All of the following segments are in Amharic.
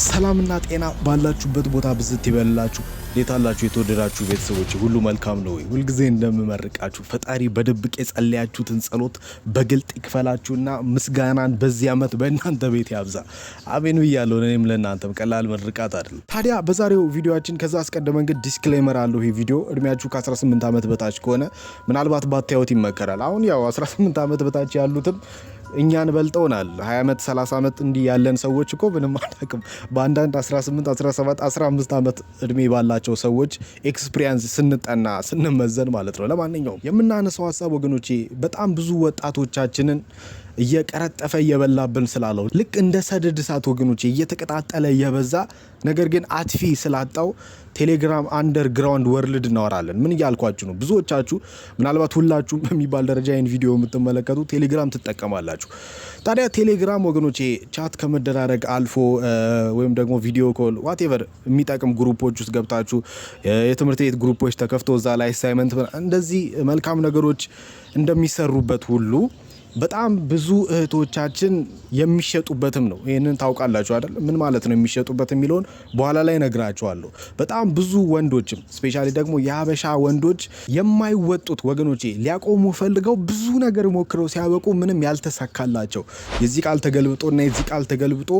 ሰላምና ጤና ባላችሁበት ቦታ ብዝት ይበላችሁ። እንዴታላችሁ የተወደዳችሁ ቤተሰቦች ሁሉ መልካም ነው ወይ? ሁልጊዜ እንደምመርቃችሁ ፈጣሪ በድብቅ የጸለያችሁትን ጸሎት በግልጥ ይክፈላችሁና ምስጋናን በዚህ ዓመት በእናንተ ቤት ያብዛ። አሜን ብያለሁ። እኔም ለእናንተም ቀላል ምርቃት አይደለም። ታዲያ በዛሬው ቪዲዮችን ከዛ አስቀድመን ግን ዲስክሌመር አለሁ። ይህ ቪዲዮ እድሜያችሁ ከ18 ዓመት በታች ከሆነ ምናልባት ባታዩት ይመከራል። አሁን ያው 18 ዓመት በታች ያሉትም እኛን በልጠውናል። 20 ዓመት 30 ዓመት እንዲህ ያለን ሰዎች እኮ ምንም አናቅም። በአንዳንድ 18 17 15 ዓመት እድሜ ባላቸው ሰዎች ኤክስፒሪንስ ስንጠና ስንመዘን ማለት ነው። ለማንኛውም የምናነሳው ሀሳብ ወገኖቼ በጣም ብዙ ወጣቶቻችንን እየቀረጠፈ እየበላብን ስላለው ልክ እንደ ሰደድ እሳት ወገኖች እየተቀጣጠለ እየበዛ ነገር ግን አትፊ ስላጣው ቴሌግራም አንደርግራውንድ ወርልድ እናወራለን። ምን እያልኳችሁ ነው? ብዙዎቻችሁ ምናልባት ሁላችሁም በሚባል ደረጃ ይህን ቪዲዮ የምትመለከቱ ቴሌግራም ትጠቀማላችሁ። ታዲያ ቴሌግራም ወገኖች ቻት ከመደራረግ አልፎ ወይም ደግሞ ቪዲዮ ኮል ዋቴቨር የሚጠቅም ግሩፖች ውስጥ ገብታችሁ የትምህርት ቤት ግሩፖች ተከፍቶ እዛ ላይ አሳይመንት እንደዚህ መልካም ነገሮች እንደሚሰሩበት ሁሉ በጣም ብዙ እህቶቻችን የሚሸጡበትም ነው። ይህንን ታውቃላችሁ አይደል? ምን ማለት ነው የሚሸጡበት የሚለውን በኋላ ላይ ነግራችኋለሁ። በጣም ብዙ ወንዶችም ስፔሻሊ ደግሞ የሀበሻ ወንዶች የማይወጡት ወገኖቼ፣ ሊያቆሙ ፈልገው ብዙ ነገር ሞክረው ሲያበቁ ምንም ያልተሳካላቸው የዚህ ቃል ተገልብጦና የዚህ ቃል ተገልብጦ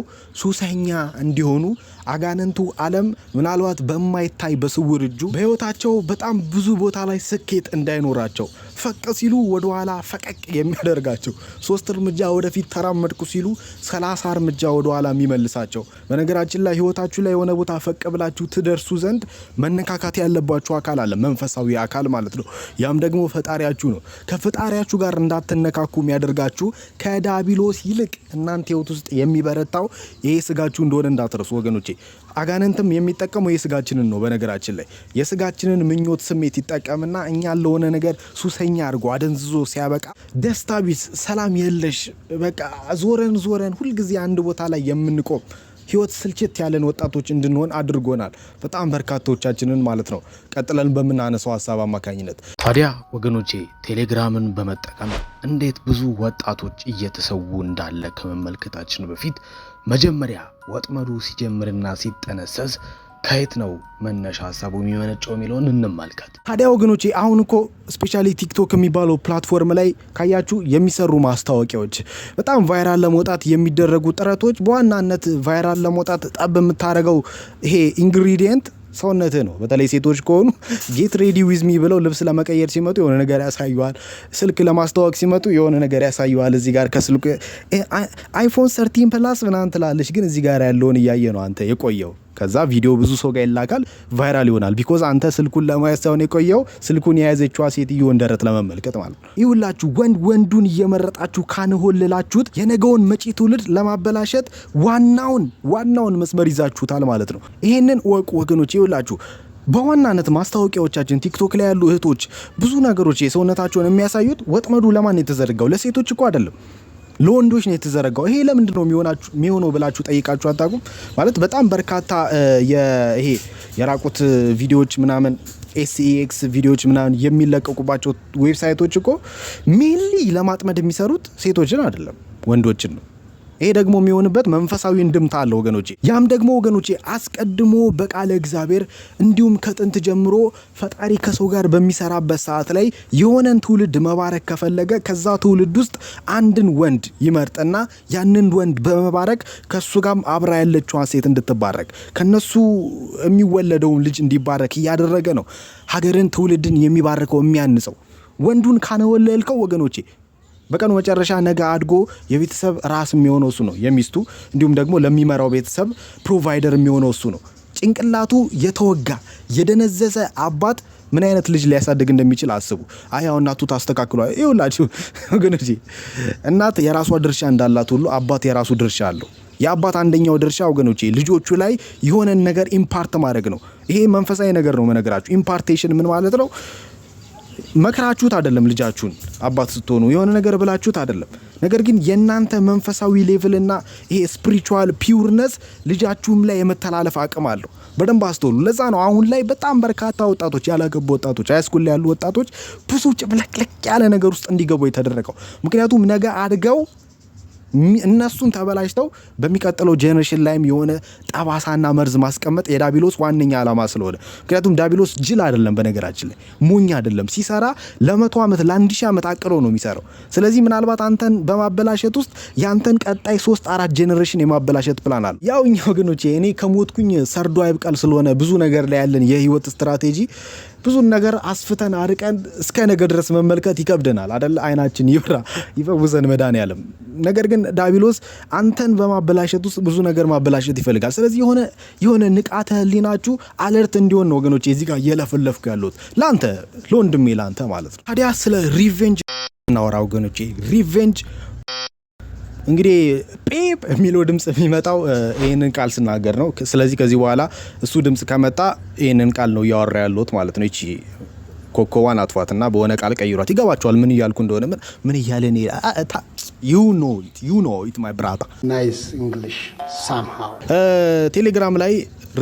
ሱሰኛ እንዲሆኑ አጋንንቱ ዓለም ምናልባት በማይታይ በስውር እጁ በሕይወታቸው በጣም ብዙ ቦታ ላይ ስኬት እንዳይኖራቸው ፈቅ ሲሉ ወደኋላ ፈቀቅ የሚያደርጋቸው ሶስት እርምጃ ወደፊት ተራመድኩ ሲሉ ሰላሳ እርምጃ ወደኋላ የሚመልሳቸው። በነገራችን ላይ ህይወታችሁ ላይ የሆነ ቦታ ፈቅ ብላችሁ ትደርሱ ዘንድ መነካካት ያለባችሁ አካል አለ፣ መንፈሳዊ አካል ማለት ነው። ያም ደግሞ ፈጣሪያችሁ ነው። ከፈጣሪያችሁ ጋር እንዳትነካኩ የሚያደርጋችሁ ከዳቢሎስ ይልቅ እናንተ ህይወት ውስጥ የሚበረታው ይሄ ስጋችሁ እንደሆነ እንዳትረሱ ወገኖች። አጋንንትም የሚጠቀመው የስጋችንን ነው። በነገራችን ላይ የስጋችንን ምኞት ስሜት ይጠቀምና እኛ ለሆነ ነገር ሱሰኛ አድርጎ አደንዝዞ ሲያበቃ ደስታ ቢስ፣ ሰላም የለሽ፣ በቃ ዞረን ዞረን ሁልጊዜ አንድ ቦታ ላይ የምንቆም ህይወት ስልችት ያለን ወጣቶች እንድንሆን አድርጎናል። በጣም በርካቶቻችንን ማለት ነው። ቀጥለን በምናነሳው ሀሳብ አማካኝነት ታዲያ ወገኖቼ ቴሌግራምን በመጠቀም እንዴት ብዙ ወጣቶች እየተሰዉ እንዳለ ከመመልከታችን በፊት መጀመሪያ ወጥመዱ ሲጀምርና ሲጠነሰስ ከየት ነው መነሻ ሀሳቡ የሚመነጨው የሚለውን እንመልከት። ታዲያ ወገኖቼ አሁን እኮ ስፔሻሊ ቲክቶክ የሚባለው ፕላትፎርም ላይ ካያችሁ የሚሰሩ ማስታወቂያዎች በጣም ቫይራል ለመውጣት የሚደረጉ ጥረቶች፣ በዋናነት ቫይራል ለመውጣት ጠብ የምታደርገው ይሄ ኢንግሪዲየንት ሰውነትህ ነው። በተለይ ሴቶች ከሆኑ ጌት ሬዲ ዊዝሚ ብለው ልብስ ለመቀየር ሲመጡ የሆነ ነገር ያሳዩዋል። ስልክ ለማስተዋወቅ ሲመጡ የሆነ ነገር ያሳዩዋል። እዚህ ጋር ከስልክ አይፎን ሰርቲን ፕላስ ምናምን ትላለች፣ ግን እዚህ ጋር ያለውን እያየ ነው አንተ የቆየው ከዛ ቪዲዮ ብዙ ሰው ጋር ይላካል፣ ቫይራል ይሆናል። ቢኮዝ አንተ ስልኩን ለማየት ሳይሆን የቆየው ስልኩን የያዘችዋ ሴትዮን ደረት ለመመልከት ማለት ነው። ይሁላችሁ ወንድ ወንዱን እየመረጣችሁ ካንሆልላችሁት የነገውን መጪ ትውልድ ለማበላሸት ዋናውን ዋናውን መስመር ይዛችሁታል ማለት ነው። ይሄንን ወቁ ወገኖች። ይሁላችሁ በዋናነት ማስታወቂያዎቻችን ቲክቶክ ላይ ያሉ እህቶች ብዙ ነገሮች የሰውነታቸውን የሚያሳዩት ወጥመዱ ለማን የተዘረጋው ለሴቶች እኮ አይደለም። ለወንዶች ነው የተዘረጋው። ይሄ ለምንድን ነው የሚሆነው ብላችሁ ጠይቃችሁ አታውቁም? ማለት በጣም በርካታ ይሄ የራቁት ቪዲዮዎች ምናምን ኤስኤክስ ቪዲዮዎች ምናምን የሚለቀቁባቸው ዌብሳይቶች እኮ ሜንሊ ለማጥመድ የሚሰሩት ሴቶችን አይደለም ወንዶችን ነው። ይሄ ደግሞ የሚሆንበት መንፈሳዊ እንድምታ አለ ወገኖቼ። ያም ደግሞ ወገኖቼ አስቀድሞ በቃለ እግዚአብሔር እንዲሁም ከጥንት ጀምሮ ፈጣሪ ከሰው ጋር በሚሰራበት ሰዓት ላይ የሆነን ትውልድ መባረክ ከፈለገ ከዛ ትውልድ ውስጥ አንድን ወንድ ይመርጥና ያንን ወንድ በመባረክ ከሱ ጋር አብራ ያለችዋ ሴት እንድትባረክ ከነሱ የሚወለደውን ልጅ እንዲባረክ እያደረገ ነው ሀገርን ትውልድን የሚባርከው የሚያንጸው ወንዱን ካነወለልከው ወገኖቼ በቀኑ መጨረሻ ነገ አድጎ የቤተሰብ ራስ የሚሆነው እሱ ነው፣ የሚስቱ እንዲሁም ደግሞ ለሚመራው ቤተሰብ ፕሮቫይደር የሚሆነው እሱ ነው። ጭንቅላቱ የተወጋ የደነዘዘ አባት ምን አይነት ልጅ ሊያሳድግ እንደሚችል አስቡ። አያው እናቱ ታስተካክሏል። ይኸውላችሁ ወገኖቼ እናት የራሷ ድርሻ እንዳላት ሁሉ አባት የራሱ ድርሻ አለው። የአባት አንደኛው ድርሻ ወገኖቼ ልጆቹ ላይ የሆነን ነገር ኢምፓርት ማድረግ ነው። ይሄ መንፈሳዊ ነገር ነው መነገራችሁ። ኢምፓርቴሽን ምን ማለት ነው? መክራችሁት አይደለም ልጃችሁን አባት ስትሆኑ የሆነ ነገር ብላችሁት አይደለም። ነገር ግን የእናንተ መንፈሳዊ ሌቭልና ይሄ ስፒሪቹዋል ፒውርነስ ልጃችሁም ላይ የመተላለፍ አቅም አለው። በደንብ አስተውሉ። ለዛ ነው አሁን ላይ በጣም በርካታ ወጣቶች ያላገቡ ወጣቶች፣ ሃይስኩል ያሉ ወጣቶች ብዙ ጭብለቅለቅ ያለ ነገር ውስጥ እንዲገቡ የተደረገው። ምክንያቱም ነገ አድገው እነሱን ተበላሽተው በሚቀጥለው ጄኔሬሽን ላይም የሆነ ጠባሳና መርዝ ማስቀመጥ የዳቢሎስ ዋነኛ ዓላማ ስለሆነ ምክንያቱም ዳቢሎስ ጅል አይደለም፣ በነገራችን ላይ ሞኝ አይደለም። ሲሰራ ለመቶ ዓመት ለአንድ ሺህ ዓመት አቅሎ ነው የሚሰራው። ስለዚህ ምናልባት አንተን በማበላሸት ውስጥ ያንተን ቀጣይ ሶስት አራት ጄኔሬሽን የማበላሸት ፕላን አለ። ያው እኛ ወገኖቼ እኔ ከሞትኩኝ ሰርዶ አይብቀል ስለሆነ ብዙ ነገር ላይ ያለን የህይወት ስትራቴጂ ብዙን ነገር አስፍተን አርቀን እስከ ነገ ድረስ መመልከት ይከብደናል አደለ? አይናችን ይብራ ይፈውሰን ያለም ነገር ግን ዳቢሎስ አንተን በማበላሸት ውስጥ ብዙ ነገር ማበላሸት ይፈልጋል። ስለዚህ የሆነ የሆነ ንቃተ ህሊናችሁ አለርት እንዲሆን ነው ወገኖች፣ የዚህ ጋር እየለፈለፍኩ ያሉት ለአንተ ለወንድሜ ለአንተ ማለት ነው። ታዲያ ስለ ሪቬንጅ እናወራ ወገኖቼ ሪቬንጅ እንግዲህ ጴፕ የሚለው ድምፅ የሚመጣው ይህንን ቃል ስናገር ነው። ስለዚህ ከዚህ በኋላ እሱ ድምፅ ከመጣ ይህንን ቃል ነው እያወራ ያለሁት ማለት ነው። ይቺ ኮከቧን አጥፏትና በሆነ ቃል ቀይሯት። ይገባቸዋል ምን እያልኩ እንደሆነ ምን እያለ ቴሌግራም ላይ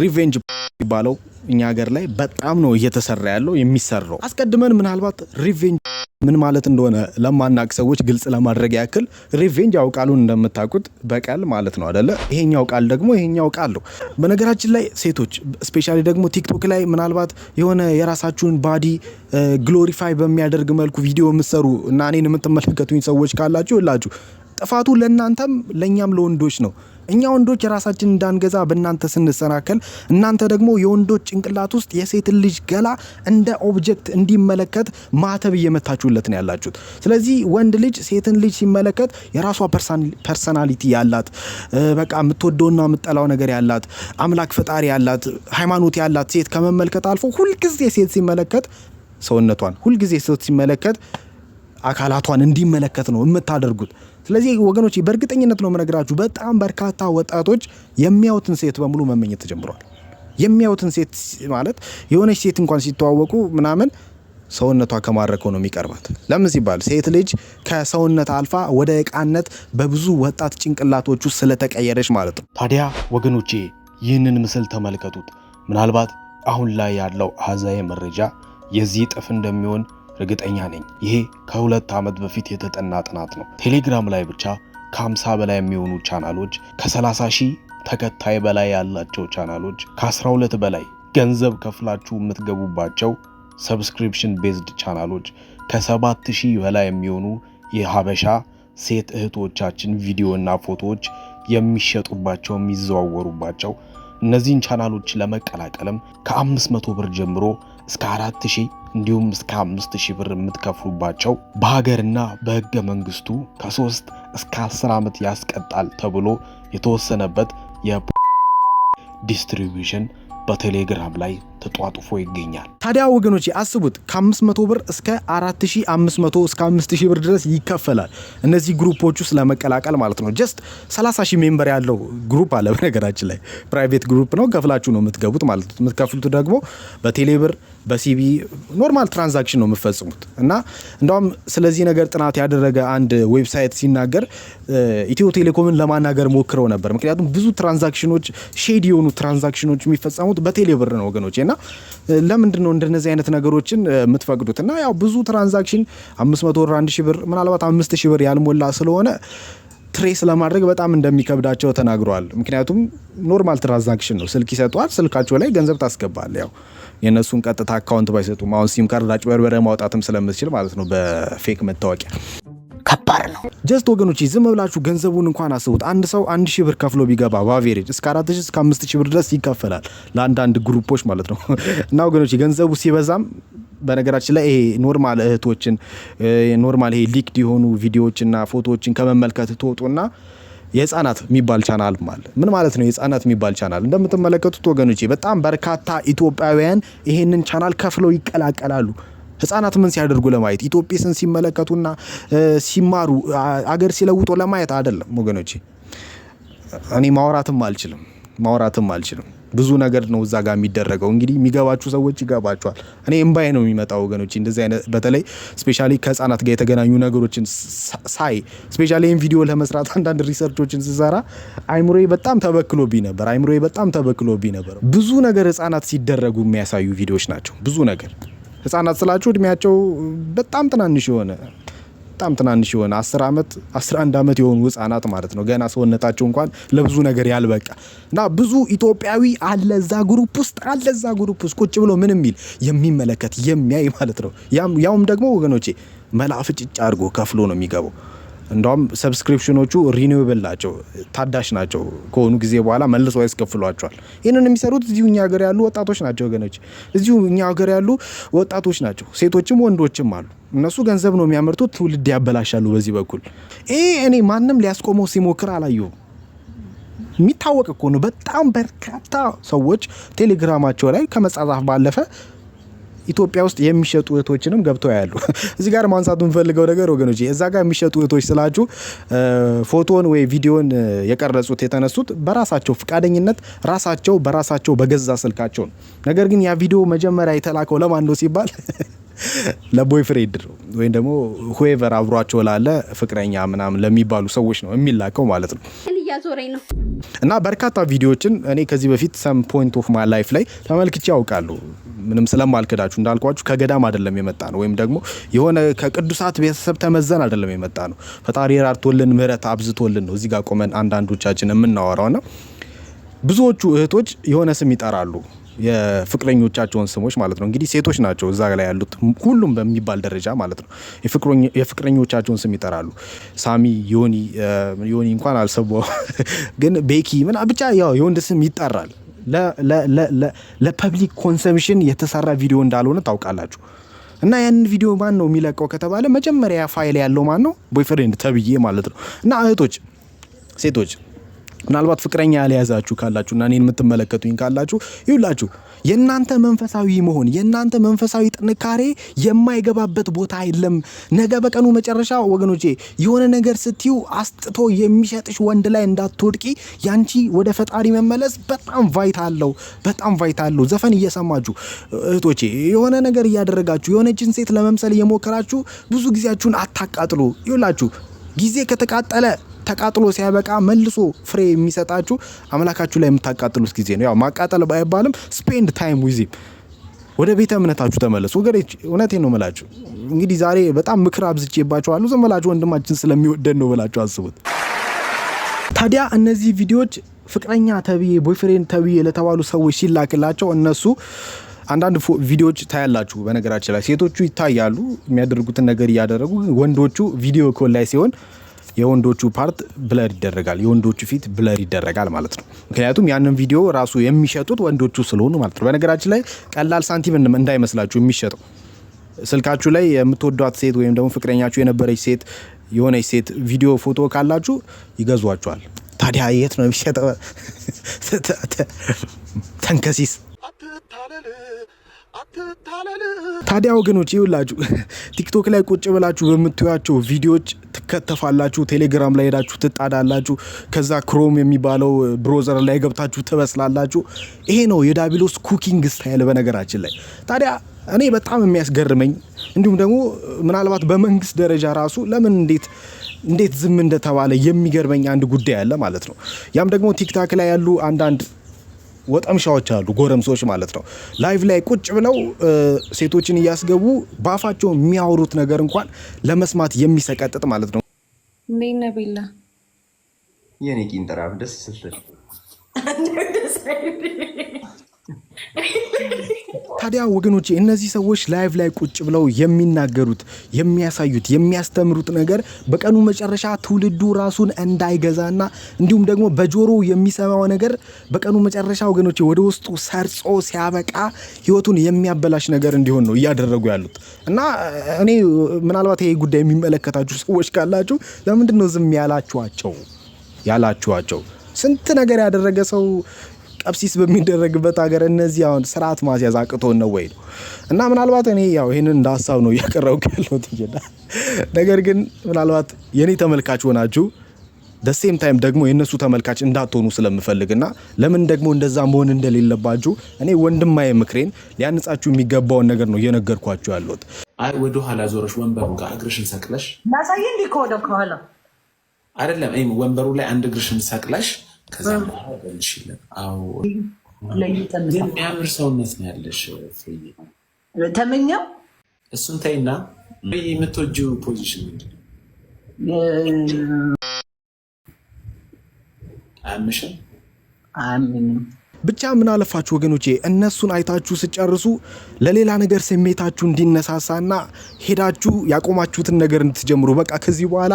ሪቬንጅ የሚባለው እኛ ሀገር ላይ በጣም ነው እየተሰራ ያለው የሚሰራው። አስቀድመን ምናልባት ሪቬንጅ ምን ማለት እንደሆነ ለማናቅ ሰዎች ግልጽ ለማድረግ ያክል ሪቬንጅ ያው ቃሉን እንደምታውቁት በቀል ማለት ነው አደለ? ይሄኛው ቃል ደግሞ ይሄኛው ቃል ነው። በነገራችን ላይ ሴቶች ስፔሻሊ ደግሞ ቲክቶክ ላይ ምናልባት የሆነ የራሳችሁን ባዲ ግሎሪፋይ በሚያደርግ መልኩ ቪዲዮ የምትሰሩ እና እኔን የምትመለከቱኝ ሰዎች ካላችሁ ላችሁ ጥፋቱ ለእናንተም ለእኛም ለወንዶች ነው። እኛ ወንዶች የራሳችን እንዳንገዛ በእናንተ ስንሰናከል፣ እናንተ ደግሞ የወንዶች ጭንቅላት ውስጥ የሴትን ልጅ ገላ እንደ ኦብጀክት እንዲመለከት ማተብ እየመታችሁለት ነው ያላችሁት። ስለዚህ ወንድ ልጅ ሴትን ልጅ ሲመለከት የራሷ ፐርሰናሊቲ ያላት በቃ የምትወደውና የምጠላው ነገር ያላት አምላክ ፈጣሪ ያላት ሃይማኖት ያላት ሴት ከመመልከት አልፎ ሁልጊዜ ሴት ሲመለከት ሰውነቷን ሁልጊዜ ሴት ሲመለከት አካላቷን እንዲመለከት ነው የምታደርጉት። ስለዚህ ወገኖች በእርግጠኝነት ነው የምነግራችሁ፣ በጣም በርካታ ወጣቶች የሚያዩትን ሴት በሙሉ መመኘት ተጀምረዋል። የሚያዩትን ሴት ማለት የሆነች ሴት እንኳን ሲተዋወቁ ምናምን ሰውነቷ ከማድረግ ነው የሚቀርባት። ለምን ሲባል ሴት ልጅ ከሰውነት አልፋ ወደ እቃነት በብዙ ወጣት ጭንቅላቶቹ ስለተቀየረች ማለት ነው። ታዲያ ወገኖቼ ይህንን ምስል ተመልከቱት። ምናልባት አሁን ላይ ያለው አሃዛዊ መረጃ የዚህ እጥፍ እንደሚሆን እርግጠኛ ነኝ። ይሄ ከሁለት ዓመት በፊት የተጠና ጥናት ነው። ቴሌግራም ላይ ብቻ ከ50 በላይ የሚሆኑ ቻናሎች፣ ከ30 ሺህ ተከታይ በላይ ያላቸው ቻናሎች፣ ከ12 በላይ ገንዘብ ከፍላችሁ የምትገቡባቸው ሰብስክሪፕሽን ቤዝድ ቻናሎች፣ ከ7000 በላይ የሚሆኑ የሀበሻ ሴት እህቶቻችን ቪዲዮና ፎቶዎች የሚሸጡባቸው የሚዘዋወሩባቸው እነዚህን ቻናሎች ለመቀላቀልም ከ500 ብር ጀምሮ እስከ 4000 እንዲሁም እስከ አምስት ሺህ ብር የምትከፍሉባቸው በሀገርና በህገ መንግስቱ ከሶስት እስከ አስር ዓመት ያስቀጣል ተብሎ የተወሰነበት የዲስትሪቢዩሽን በቴሌግራም ላይ ተጧጡፎ ይገኛል። ታዲያ ወገኖች አስቡት ከ500 ብር እስከ 4500 እስከ 5000 ብር ድረስ ይከፈላል። እነዚህ ግሩፖች ውስጥ ለመቀላቀል ማለት ነው። ጀስት 30 ሺህ ሜምበር ያለው ግሩፕ አለ። በነገራችን ላይ ፕራይቬት ግሩፕ ነው። ከፍላችሁ ነው የምትገቡት ማለት ነው። የምትከፍሉት ደግሞ በቴሌብር በሲቪ በሲቢ ኖርማል ትራንዛክሽን ነው የምትፈጽሙት። እና እንዳውም ስለዚህ ነገር ጥናት ያደረገ አንድ ዌብሳይት ሲናገር ኢትዮ ቴሌኮምን ለማናገር ሞክረው ነበር። ምክንያቱም ብዙ ትራንዛክሽኖች ሼድ የሆኑ ትራንዛክሽኖች የሚፈጸሙት በቴሌብር ነው ወገኖች እና ለምንድን ነው እንደነዚህ አይነት ነገሮችን የምትፈቅዱት? እና ያው ብዙ ትራንዛክሽን 500 ብር፣ 1000 ብር ምናልባት 5000 ብር ያልሞላ ስለሆነ ትሬስ ለማድረግ በጣም እንደሚከብዳቸው ተናግረዋል። ምክንያቱም ኖርማል ትራንዛክሽን ነው። ስልክ ይሰጧል፣ ስልካቸው ላይ ገንዘብ ታስገባል። ያው የእነሱን ቀጥታ አካውንት ባይሰጡም አሁን ሲም ካርድ አጭበርበረ ማውጣትም ስለምትችል ማለት ነው በፌክ መታወቂያ ከባድ ነው። ጀስት ወገኖች ዝም ብላችሁ ገንዘቡን እንኳን አስቡት። አንድ ሰው አንድ ሺህ ብር ከፍሎ ቢገባ በአቬሬጅ እስከ አራት ሺህ እስከ አምስት ሺህ ብር ድረስ ይከፈላል ለአንዳንድ ግሩፖች ማለት ነው። እና ወገኖች ገንዘቡ ሲበዛም በነገራችን ላይ ይሄ ኖርማል እህቶችን ኖርማል ይሄ ሊክድ የሆኑ ቪዲዮዎችና ፎቶዎችን ከመመልከት ትወጡና የህፃናት የሚባል ቻናል ማለ ምን ማለት ነው የህፃናት የሚባል ቻናል? እንደምትመለከቱት ወገኖቼ በጣም በርካታ ኢትዮጵያውያን ይሄንን ቻናል ከፍለው ይቀላቀላሉ። ህጻናት ምን ሲያደርጉ ለማየት ኢትዮጵስን ሲመለከቱና ሲማሩ አገር ሲለውጦ ለማየት አይደለም ወገኖቼ። እኔ ማውራትም አልችልም ማውራትም አልችልም። ብዙ ነገር ነው እዛ ጋር የሚደረገው። እንግዲህ የሚገባችሁ ሰዎች ይገባችኋል። እኔ እምባዬ ነው የሚመጣው ወገኖች። እንደዚህ አይነት በተለይ ስፔሻሊ ከህጻናት ጋር የተገናኙ ነገሮችን ሳይ ስፔሻሊ ይህን ቪዲዮ ለመስራት አንዳንድ ሪሰርቾችን ስሰራ አይምሮ በጣም ተበክሎብኝ ነበር። አይምሮ በጣም ተበክሎብኝ ነበር። ብዙ ነገር ህጻናት ሲደረጉ የሚያሳዩ ቪዲዮዎች ናቸው ብዙ ነገር ህጻናት ስላችሁ እድሜያቸው በጣም ትናንሽ የሆነ በጣም ትናንሽ የሆነ አስር ዓመት አንድ ዓመት የሆኑ ህጻናት ማለት ነው። ገና ሰውነታቸው እንኳን ለብዙ ነገር ያልበቃ እና ብዙ ኢትዮጵያዊ አለ እዛ ግሩፕ ውስጥ አለ እዛ ግሩፕ ውስጥ ቁጭ ብሎ ምን የሚል የሚመለከት የሚያይ ማለት ነው። ያውም ደግሞ ወገኖቼ መላፍጭጭ አድርጎ ከፍሎ ነው የሚገባው። እንዳውም ሰብስክሪፕሽኖቹ ሪኒዌብል ናቸው፣ ታዳሽ ናቸው። ከሆኑ ጊዜ በኋላ መልሶ ያስከፍሏቸዋል። ይህንን የሚሰሩት እዚሁ እኛ ሀገር ያሉ ወጣቶች ናቸው ወገኖች፣ እዚሁ እኛ ሀገር ያሉ ወጣቶች ናቸው። ሴቶችም ወንዶችም አሉ። እነሱ ገንዘብ ነው የሚያመርቱት፣ ትውልድ ያበላሻሉ። በዚህ በኩል ይሄ እኔ ማንም ሊያስቆመው ሲሞክር አላየሁም። የሚታወቅ እኮ ነው። በጣም በርካታ ሰዎች ቴሌግራማቸው ላይ ከመጻጻፍ ባለፈ ኢትዮጵያ ውስጥ የሚሸጡ እህቶችንም ገብተው ያሉ። እዚህ ጋር ማንሳት የምፈልገው ነገር ወገኖች፣ እዛ ጋር የሚሸጡ እህቶች ስላችሁ ፎቶን ወይ ቪዲዮን የቀረጹት የተነሱት በራሳቸው ፈቃደኝነት ራሳቸው በራሳቸው በገዛ ስልካቸው ነው። ነገር ግን ያ ቪዲዮ መጀመሪያ የተላከው ለማን ነው ሲባል ለቦይ ፍሬንድ ነው ወይም ደግሞ ሁቨር አብሯቸው ላለ ፍቅረኛ ምናምን ለሚባሉ ሰዎች ነው የሚላከው ማለት ነው። እና በርካታ ቪዲዮዎችን እኔ ከዚህ በፊት ሰም ፖይንት ኦፍ ማይ ላይፍ ላይ ተመልክቼ ያውቃሉ። ምንም ስለማልክዳችሁ እንዳልኳችሁ ከገዳም አይደለም የመጣ ነው፣ ወይም ደግሞ የሆነ ከቅዱሳት ቤተሰብ ተመዘን አይደለም የመጣ ነው። ፈጣሪ ራርቶልን ምሕረት አብዝቶልን ነው እዚህ ጋር ቆመን አንዳንዶቻችን የምናወራውና ብዙዎቹ እህቶች የሆነ ስም ይጠራሉ የፍቅረኞቻቸውን ስሞች ማለት ነው። እንግዲህ ሴቶች ናቸው እዛ ላይ ያሉት ሁሉም በሚባል ደረጃ ማለት ነው። የፍቅረኞቻቸውን ስም ይጠራሉ። ሳሚ፣ ዮኒ ዮኒ እንኳን አልሰቦ ግን ቤኪ ምና ብቻ ያው የወንድ ስም ይጠራል። ለፐብሊክ ኮንሰምሽን የተሰራ ቪዲዮ እንዳልሆነ ታውቃላችሁ። እና ያንን ቪዲዮ ማን ነው የሚለቀው ከተባለ መጀመሪያ ፋይል ያለው ማን ነው? ቦይፍሬንድ ተብዬ ማለት ነው። እና እህቶች፣ ሴቶች ምናልባት ፍቅረኛ ያልያዛችሁ ካላችሁ እና እኔን የምትመለከቱኝ ካላችሁ ይሁላችሁ የእናንተ መንፈሳዊ መሆን የእናንተ መንፈሳዊ ጥንካሬ የማይገባበት ቦታ የለም። ነገ በቀኑ መጨረሻ ወገኖቼ የሆነ ነገር ስትዩ አስጥቶ የሚሸጥሽ ወንድ ላይ እንዳትወድቂ ያንቺ ወደ ፈጣሪ መመለስ በጣም ቫይት አለው፣ በጣም ቫይት አለው። ዘፈን እየሰማችሁ እህቶቼ የሆነ ነገር እያደረጋችሁ የሆነችን ሴት ለመምሰል እየሞከራችሁ ብዙ ጊዜያችሁን አታቃጥሉ። ይሁላችሁ ጊዜ ከተቃጠለ ተቃጥሎ ሲያበቃ መልሶ ፍሬ የሚሰጣችሁ አምላካችሁ ላይ የምታቃጥሉት ጊዜ ነው። ያው ማቃጠል ባይባልም ስፔንድ ታይም ዊዝ ወደ ቤተ እምነታችሁ ተመለሱ ወገኖች፣ እውነቴ ነው መላችሁ። እንግዲህ ዛሬ በጣም ምክር አብዝቼባችኋለሁ። ዝም ብላችሁ ወንድማችን ስለሚወደድ ነው ብላችሁ አስቡት። ታዲያ እነዚህ ቪዲዮዎች ፍቅረኛ ተብዬ ቦይፍሬንድ ተብዬ ለተባሉ ሰዎች ሲላክላቸው እነሱ አንዳንድ ቪዲዮዎች ታያላችሁ። በነገራችን ላይ ሴቶቹ ይታያሉ የሚያደርጉትን ነገር እያደረጉ ወንዶቹ ቪዲዮ ኮል ላይ ሲሆን የወንዶቹ ፓርት ብለር ይደረጋል፣ የወንዶቹ ፊት ብለር ይደረጋል ማለት ነው። ምክንያቱም ያንን ቪዲዮ ራሱ የሚሸጡት ወንዶቹ ስለሆኑ ማለት ነው። በነገራችን ላይ ቀላል ሳንቲም እንዳይመስላችሁ የሚሸጠው ስልካችሁ ላይ የምትወዷት ሴት ወይም ደግሞ ፍቅረኛችሁ የነበረች ሴት የሆነች ሴት ቪዲዮ ፎቶ ካላችሁ ይገዟችኋል። ታዲያ የት ነው የሚሸጠው? ተንከሲስ ታዲያ ወገኖች ይውላችሁ ቲክቶክ ላይ ቁጭ ብላችሁ በምትያቸው ቪዲዮዎች ትከተፋላችሁ፣ ቴሌግራም ላይ ሄዳችሁ ትጣዳላችሁ፣ ከዛ ክሮም የሚባለው ብሮዘር ላይ ገብታችሁ ትበስላላችሁ። ይሄ ነው የዳቢሎስ ኩኪንግ ስታይል በነገራችን ላይ ታዲያ እኔ በጣም የሚያስገርመኝ እንዲሁም ደግሞ ምናልባት በመንግስት ደረጃ ራሱ ለምን እንዴት እንዴት ዝም እንደተባለ የሚገርመኝ አንድ ጉዳይ አለ ማለት ነው። ያም ደግሞ ቲክታክ ላይ ያሉ አንዳንድ ወጠምሻዎች አሉ፣ ጎረምሶች ማለት ነው። ላይቭ ላይ ቁጭ ብለው ሴቶችን እያስገቡ በአፋቸው የሚያወሩት ነገር እንኳን ለመስማት የሚሰቀጥጥ ማለት ነው። እንዴት ነህ ቤላ? የኔ ቂንጥራብ ደስ ስትል ታዲያ ወገኖቼ እነዚህ ሰዎች ላይቭ ላይ ቁጭ ብለው የሚናገሩት የሚያሳዩት የሚያስተምሩት ነገር በቀኑ መጨረሻ ትውልዱ ራሱን እንዳይገዛና እንዲሁም ደግሞ በጆሮ የሚሰማው ነገር በቀኑ መጨረሻ ወገኖቼ ወደ ውስጡ ሰርጾ ሲያበቃ ህይወቱን የሚያበላሽ ነገር እንዲሆን ነው እያደረጉ ያሉት እና እኔ ምናልባት ይሄ ጉዳይ የሚመለከታችሁ ሰዎች ካላችሁ ለምንድን ነው ዝም ያላችኋቸው ያላችኋቸው ስንት ነገር ያደረገ ሰው ቀብሲስ በሚደረግበት ሀገር እነዚህ አሁን ስርዓት ማስያዝ አቅቶን ነው ወይ ነው እና ምናልባት እኔ ያው ይህንን እንደ ሀሳብ ነው እያቀረብኩ ያለሁት እየዳ ነገር ግን ምናልባት የእኔ ተመልካች ሆናችሁ ደሴም ታይም ደግሞ የእነሱ ተመልካች እንዳትሆኑ ስለምፈልግና ለምን ደግሞ እንደዛ መሆን እንደሌለባችሁ እኔ ወንድማዬ ምክሬን ሊያነጻችሁ የሚገባውን ነገር ነው እየነገርኳችሁ ያለሁት። አይ ወደ ኋላ ዞረሽ ወንበሩ ጋር እግርሽን ሰቅለሽ ላሳይ እንዲ ከኋላ አይደለም ወንበሩ ላይ አንድ እግርሽን ሰቅለሽ ከዚያ ከዛ በልሽለን አዎ የሚያምር ሰውነት ነው ያለሽ። ተመኛው እሱን ተይና፣ የምትወጂው ፖዚሽን ምንድን ነው? አያምሽም? አያምኝም ብቻ ምን አለፋችሁ ወገኖቼ እነሱን አይታችሁ ስጨርሱ ለሌላ ነገር ስሜታችሁ እንዲነሳሳና ሄዳችሁ ያቆማችሁትን ነገር እንድትጀምሩ። በቃ ከዚህ በኋላ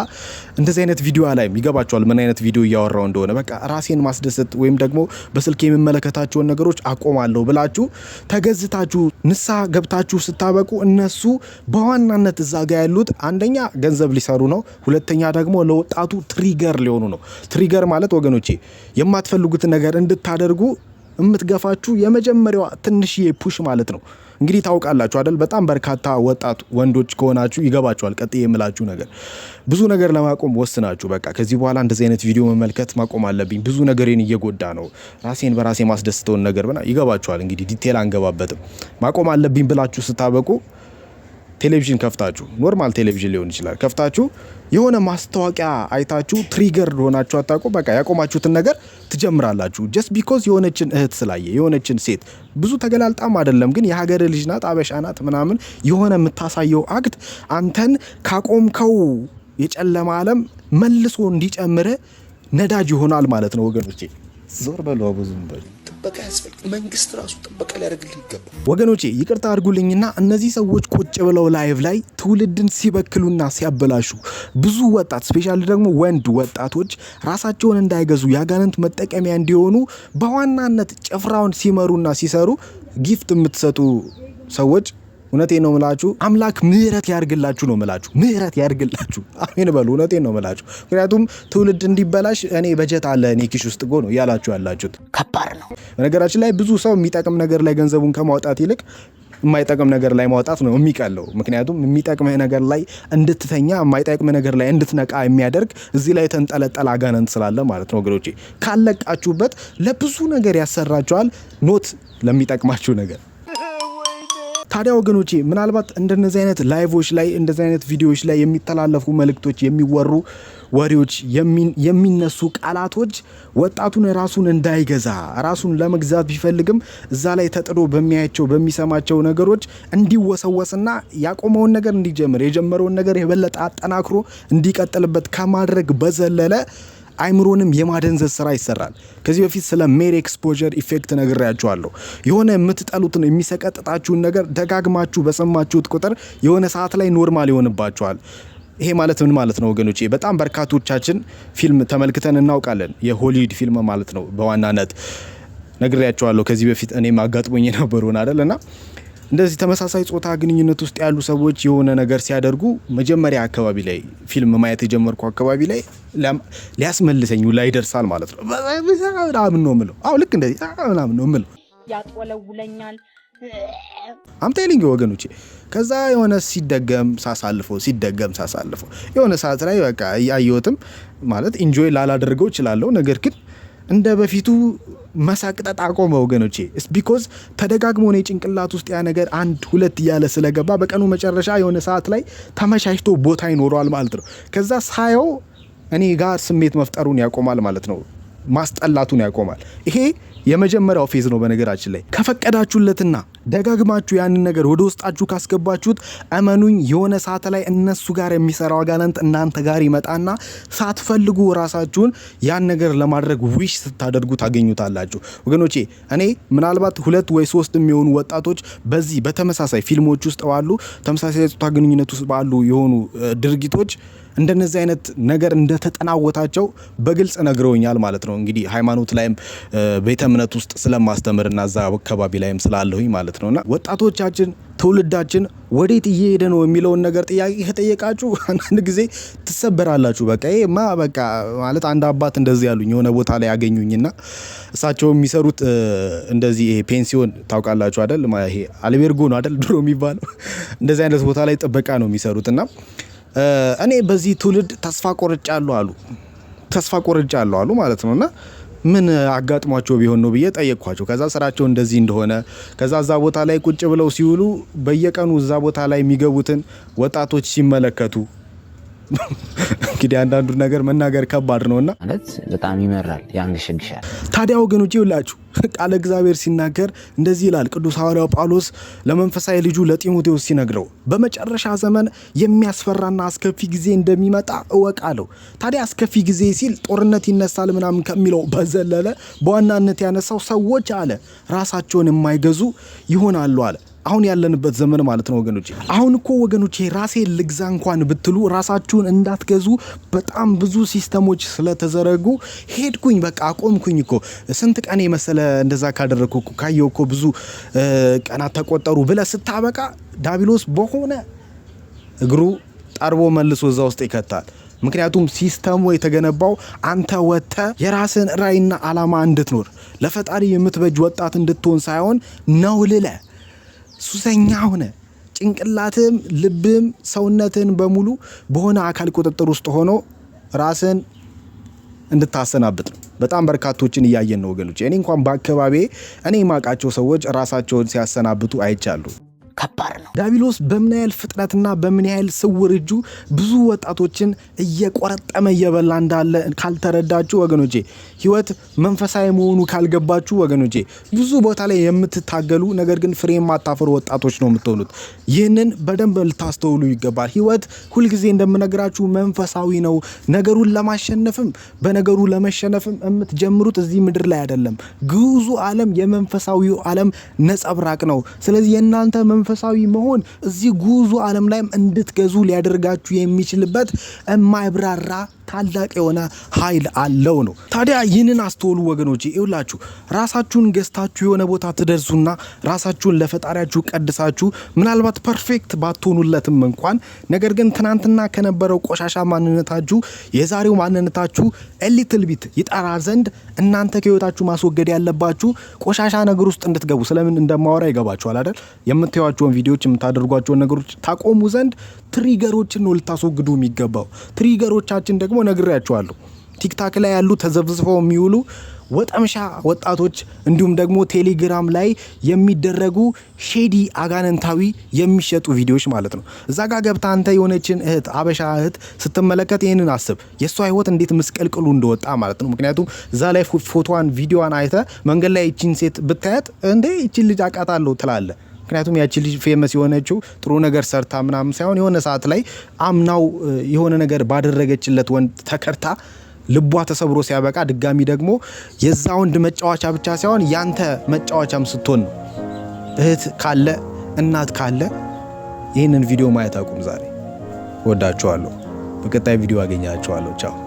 እንደዚህ አይነት ቪዲዮ አላይም። ይገባችኋል ምን አይነት ቪዲዮ እያወራው እንደሆነ። በቃ ራሴን ማስደሰት ወይም ደግሞ በስልክ የሚመለከታቸውን ነገሮች አቆማለሁ ብላችሁ ተገዝታችሁ ንሳ ገብታችሁ ስታበቁ እነሱ በዋናነት እዛ ጋ ያሉት አንደኛ ገንዘብ ሊሰሩ ነው፣ ሁለተኛ ደግሞ ለወጣቱ ትሪገር ሊሆኑ ነው። ትሪገር ማለት ወገኖቼ የማትፈልጉትን ነገር እንድታደርጉ የምትገፋችሁ የመጀመሪያዋ ትንሽዬ ፑሽ ማለት ነው። እንግዲህ ታውቃላችሁ አይደል? በጣም በርካታ ወጣት ወንዶች ከሆናችሁ ይገባችኋል። ቀጥ የምላችሁ ነገር ብዙ ነገር ለማቆም ወስናችሁ በቃ ከዚህ በኋላ እንደዚህ አይነት ቪዲዮ መመልከት ማቆም አለብኝ፣ ብዙ ነገሬን እየጎዳ ነው፣ ራሴን በራሴ ማስደስተውን ነገር ይገባችኋል። እንግዲህ ዲቴል አንገባበትም። ማቆም አለብኝ ብላችሁ ስታበቁ ቴሌቪዥን ከፍታችሁ ኖርማል ቴሌቪዥን ሊሆን ይችላል ከፍታችሁ የሆነ ማስታወቂያ አይታችሁ ትሪገር ሆናችሁ አታውቁ። በቃ ያቆማችሁትን ነገር ትጀምራላችሁ። ጀስት ቢኮዝ የሆነችን እህት ስላየ የሆነችን ሴት ብዙ ተገላልጣም አይደለም ግን የሀገር ልጅ ናት፣ አበሻ ናት ምናምን የሆነ የምታሳየው አክት አንተን ካቆምከው የጨለማ ዓለም መልሶ እንዲጨምር ነዳጅ ይሆናል ማለት ነው ወገኖቼ። ዞር በሉ ብዙም በሉ ጥበቃ ያስፈልግ መንግስት ራሱ ጥበቃ ሊያደርግልን ይገባል። ወገኖቼ ይቅርታ አድርጉልኝና እነዚህ ሰዎች ቁጭ ብለው ላይቭ ላይ ትውልድን ሲበክሉና ሲያበላሹ ብዙ ወጣት ስፔሻል ደግሞ ወንድ ወጣቶች ራሳቸውን እንዳይገዙ የአጋንንት መጠቀሚያ እንዲሆኑ በዋናነት ጭፍራውን ሲመሩና ሲሰሩ ጊፍት የምትሰጡ ሰዎች እውነቴ ነው ምላችሁ። አምላክ ምህረት ያርግላችሁ ነው ምላችሁ። ምሕረት ያርግላችሁ። አሜን በሉ። እውነቴ ነው ምላችሁ። ምክንያቱም ትውልድ እንዲበላሽ እኔ በጀት አለ እኔ ኪሽ ውስጥ ጎ ነው እያላችሁ ያላችሁት ከባድ ነው። በነገራችን ላይ ብዙ ሰው የሚጠቅም ነገር ላይ ገንዘቡን ከማውጣት ይልቅ የማይጠቅም ነገር ላይ ማውጣት ነው የሚቀለው። ምክንያቱም የሚጠቅምህ ነገር ላይ እንድትተኛ የማይጠቅም ነገር ላይ እንድትነቃ የሚያደርግ እዚህ ላይ የተንጠለጠለ አጋነንት ስላለ ማለት ነው ወገኖቼ። ካለቃችሁበት ለብዙ ነገር ያሰራችኋል ኖት ለሚጠቅማችሁ ነገር ታዲያ ወገኖቼ ምናልባት እንደነዚህ አይነት ላይቮች ላይ እንደዚህ አይነት ቪዲዮዎች ላይ የሚተላለፉ መልእክቶች፣ የሚወሩ ወሬዎች፣ የሚነሱ ቃላቶች ወጣቱን ራሱን እንዳይገዛ ራሱን ለመግዛት ቢፈልግም እዛ ላይ ተጥዶ በሚያያቸው በሚሰማቸው ነገሮች እንዲወሰወስና ያቆመውን ነገር እንዲጀምር የጀመረውን ነገር የበለጠ አጠናክሮ እንዲቀጥልበት ከማድረግ በዘለለ አይምሮንም የማደንዘዝ ስራ ይሰራል። ከዚህ በፊት ስለ ሜር ኤክስፖዠር ኢፌክት ነግሬያችኋለሁ። የሆነ የምትጠሉትን የሚሰቀጥጣችሁን ነገር ደጋግማችሁ በሰማችሁት ቁጥር የሆነ ሰዓት ላይ ኖርማል ይሆንባችኋል። ይሄ ማለት ምን ማለት ነው ወገኖቼ? በጣም በርካቶቻችን ፊልም ተመልክተን እናውቃለን። የሆሊውድ ፊልም ማለት ነው በዋናነት ነግሬያቸዋለሁ። ከዚህ በፊት እኔም አጋጥሞኝ የነበሩን አደል እና እንደዚህ ተመሳሳይ ጾታ ግንኙነት ውስጥ ያሉ ሰዎች የሆነ ነገር ሲያደርጉ መጀመሪያ አካባቢ ላይ ፊልም ማየት የጀመርኩ አካባቢ ላይ ሊያስመልሰኝ ላይ ይደርሳል ማለት ነው። ምናምን ነው ምለው። አዎ ልክ እንደዚህ ምናምን ነው ምለው። ያጦለውለኛል አምታይልኝ ወገኖቼ። ከዛ የሆነ ሲደገም ሳሳልፎ ሲደገም ሳሳልፎ የሆነ ሰዓት ላይ በቃ አየወትም ማለት ኢንጆይ ላላደርገው እችላለሁ። ነገር ግን እንደ በፊቱ መሳቅጠጥ አቆመ ወገኖቼ። ቢኮዝ ተደጋግሞ ነው የጭንቅላት ውስጥ ያ ነገር አንድ ሁለት እያለ ስለገባ በቀኑ መጨረሻ የሆነ ሰዓት ላይ ተመቻችቶ ቦታ ይኖረዋል ማለት ነው። ከዛ ሳየው እኔ ጋር ስሜት መፍጠሩን ያቆማል ማለት ነው። ማስጠላቱን ያቆማል። ይሄ የመጀመሪያው ፌዝ ነው። በነገራችን ላይ ከፈቀዳችሁለትና ደጋግማችሁ ያንን ነገር ወደ ውስጣችሁ ካስገባችሁት እመኑኝ፣ የሆነ ሰዓት ላይ እነሱ ጋር የሚሰራው አጋንንት እናንተ ጋር ይመጣና ሳትፈልጉ ራሳችሁን ያን ነገር ለማድረግ ዊሽ ስታደርጉ ታገኙታላችሁ። ወገኖቼ እኔ ምናልባት ሁለት ወይ ሶስት የሚሆኑ ወጣቶች በዚህ በተመሳሳይ ፊልሞች ውስጥ ባሉ ተመሳሳይ ጾታ ግንኙነት ውስጥ ባሉ የሆኑ ድርጊቶች እንደነዚህ አይነት ነገር እንደተጠናወታቸው በግልጽ ነግረውኛል ማለት ነው። እንግዲህ ሃይማኖት ላይም ቤተ እምነት ውስጥ ስለማስተምርና እዛ አካባቢ ላይም ስላለሁኝ ማለት ነው። ማለት ነውና ወጣቶቻችን ትውልዳችን ወዴት እየሄደ ነው የሚለውን ነገር ጥያቄ ከጠየቃችሁ አንዳንድ ጊዜ ትሰበራላችሁ። በቃ ይሄማ በቃ ማለት አንድ አባት እንደዚህ ያሉኝ የሆነ ቦታ ላይ ያገኙኝና እሳቸው የሚሰሩት እንደዚህ ይሄ ፔንሲዮን ታውቃላችሁ አደል? ይሄ አልቤርጎ ነው አደል ድሮ የሚባለው እንደዚህ አይነት ቦታ ላይ ጥበቃ ነው የሚሰሩት እና እኔ በዚህ ትውልድ ተስፋ ቆርጫለሁ አሉ። ተስፋ ቆርጫለሁ አሉ ማለት ነውና ምን አጋጥሟቸው ቢሆን ነው ብዬ ጠየቅኳቸው። ከዛ ስራቸው እንደዚህ እንደሆነ ከዛ እዛ ቦታ ላይ ቁጭ ብለው ሲውሉ በየቀኑ እዛ ቦታ ላይ የሚገቡትን ወጣቶች ሲመለከቱ እንግዲህ አንዳንዱ ነገር መናገር ከባድ ነውና ማለት በጣም ይመራል፣ ያንገሸግሻል። ታዲያ ወገኖቼ ሁላችሁ ቃለ እግዚአብሔር ሲናገር እንደዚህ ይላል። ቅዱስ ሐዋርያው ጳውሎስ ለመንፈሳዊ ልጁ ለጢሞቴዎስ ሲነግረው በመጨረሻ ዘመን የሚያስፈራና አስከፊ ጊዜ እንደሚመጣ እወቃለሁ። ታዲያ አስከፊ ጊዜ ሲል ጦርነት ይነሳል ምናምን ከሚለው በዘለለ በዋናነት ያነሳው ሰዎች አለ ራሳቸውን የማይገዙ ይሆናሉ አለ አሁን ያለንበት ዘመን ማለት ነው ወገኖች አሁን እኮ ወገኖቼ ራሴ ልግዛ እንኳን ብትሉ ራሳችሁን እንዳትገዙ በጣም ብዙ ሲስተሞች ስለተዘረጉ ሄድኩኝ፣ በቃ አቆምኩኝ እኮ ስንት ቀን የመሰለ እንደዛ ካደረግኩ ካየው እኮ ብዙ ቀናት ተቆጠሩ ብለ ስታበቃ ዳቢሎስ በሆነ እግሩ ጠርቦ መልሶ እዛ ውስጥ ይከታል። ምክንያቱም ሲስተሙ የተገነባው አንተ ወጥተ የራስን ራዕይና ዓላማ እንድትኖር ለፈጣሪ የምትበጅ ወጣት እንድትሆን ሳይሆን ነው ልለ ሱሰኛ ሆነ። ጭንቅላትም ልብም ሰውነትን በሙሉ በሆነ አካል ቁጥጥር ውስጥ ሆኖ ራስን እንድታሰናብጥ ነው። በጣም በርካቶችን እያየን ነው ወገኖች። እኔ እንኳን በአካባቢ እኔ የማውቃቸው ሰዎች ራሳቸውን ሲያሰናብቱ አይቻሉ። ከባድ ነው። ዳቢሎስ በምን ያህል ፍጥነትና በምን ያህል ስውር እጁ ብዙ ወጣቶችን እየቆረጠመ እየበላ እንዳለ ካልተረዳችሁ ወገኖቼ፣ ህይወት መንፈሳዊ መሆኑ ካልገባችሁ ወገኖቼ፣ ብዙ ቦታ ላይ የምትታገሉ ነገር ግን ፍሬ የማታፈሩ ወጣቶች ነው የምትሆኑት። ይህንን በደንብ ልታስተውሉ ይገባል። ህይወት ሁልጊዜ እንደምነግራችሁ መንፈሳዊ ነው። ነገሩን ለማሸነፍም በነገሩ ለመሸነፍም የምትጀምሩት እዚህ ምድር ላይ አይደለም። ግዙ ዓለም የመንፈሳዊው ዓለም ነጸብራቅ ነው። ስለዚህ የእናንተ መንፈሳዊ መሆን እዚህ ጉዞ ዓለም ላይም እንድትገዙ ሊያደርጋችሁ የሚችልበት የማይብራራ ታላቅ የሆነ ኃይል አለው ነው። ታዲያ ይህንን አስተውሉ ወገኖች። ይውላችሁ ራሳችሁን ገዝታችሁ የሆነ ቦታ ትደርሱና ራሳችሁን ለፈጣሪያችሁ ቀድሳችሁ ምናልባት ፐርፌክት ባትሆኑለትም እንኳን ነገር ግን ትናንትና ከነበረው ቆሻሻ ማንነታችሁ የዛሬው ማንነታችሁ ኤሊትል ቢት ይጠራ ዘንድ እናንተ ከህይወታችሁ ማስወገድ ያለባችሁ ቆሻሻ ነገር ውስጥ እንድትገቡ ስለምን እንደማወራ ይገባችኋል አይደል? የምታዩዋቸውን ቪዲዮዎች የምታደርጓቸውን ነገሮች ታቆሙ ዘንድ ትሪገሮችን ነው ልታስወግዱ የሚገባው። ትሪገሮቻችን ደግሞ ነግሬያችኋለሁ። ቲክታክ ላይ ያሉ ተዘብዝፈው የሚውሉ ወጠምሻ ወጣቶች እንዲሁም ደግሞ ቴሌግራም ላይ የሚደረጉ ሼዲ አጋንንታዊ የሚሸጡ ቪዲዮዎች ማለት ነው። እዛ ጋ ገብታ አንተ የሆነችን እህት አበሻ እህት ስትመለከት ይህንን አስብ፣ የእሷ ህይወት እንዴት ምስቀልቅሉ እንደወጣ ማለት ነው። ምክንያቱም እዛ ላይ ፎቶዋን ቪዲዮዋን አይተ መንገድ ላይ ይችን ሴት ብታያት እንዴ ይችን ልጅ አቃታለሁ ትላለ ምክንያቱም ያቺ ልጅ ፌመስ የሆነችው ጥሩ ነገር ሰርታ ምናምን ሳይሆን የሆነ ሰዓት ላይ አምናው የሆነ ነገር ባደረገችለት ወንድ ተከርታ ልቧ ተሰብሮ ሲያበቃ ድጋሚ ደግሞ የዛ ወንድ መጫወቻ ብቻ ሳይሆን ያንተ መጫወቻም ስትሆን ነው። እህት ካለ እናት ካለ ይህንን ቪዲዮ ማየት አቁም። ዛሬ ወዳችኋለሁ። በቀጣይ ቪዲዮ አገኛችኋለሁ። ቻው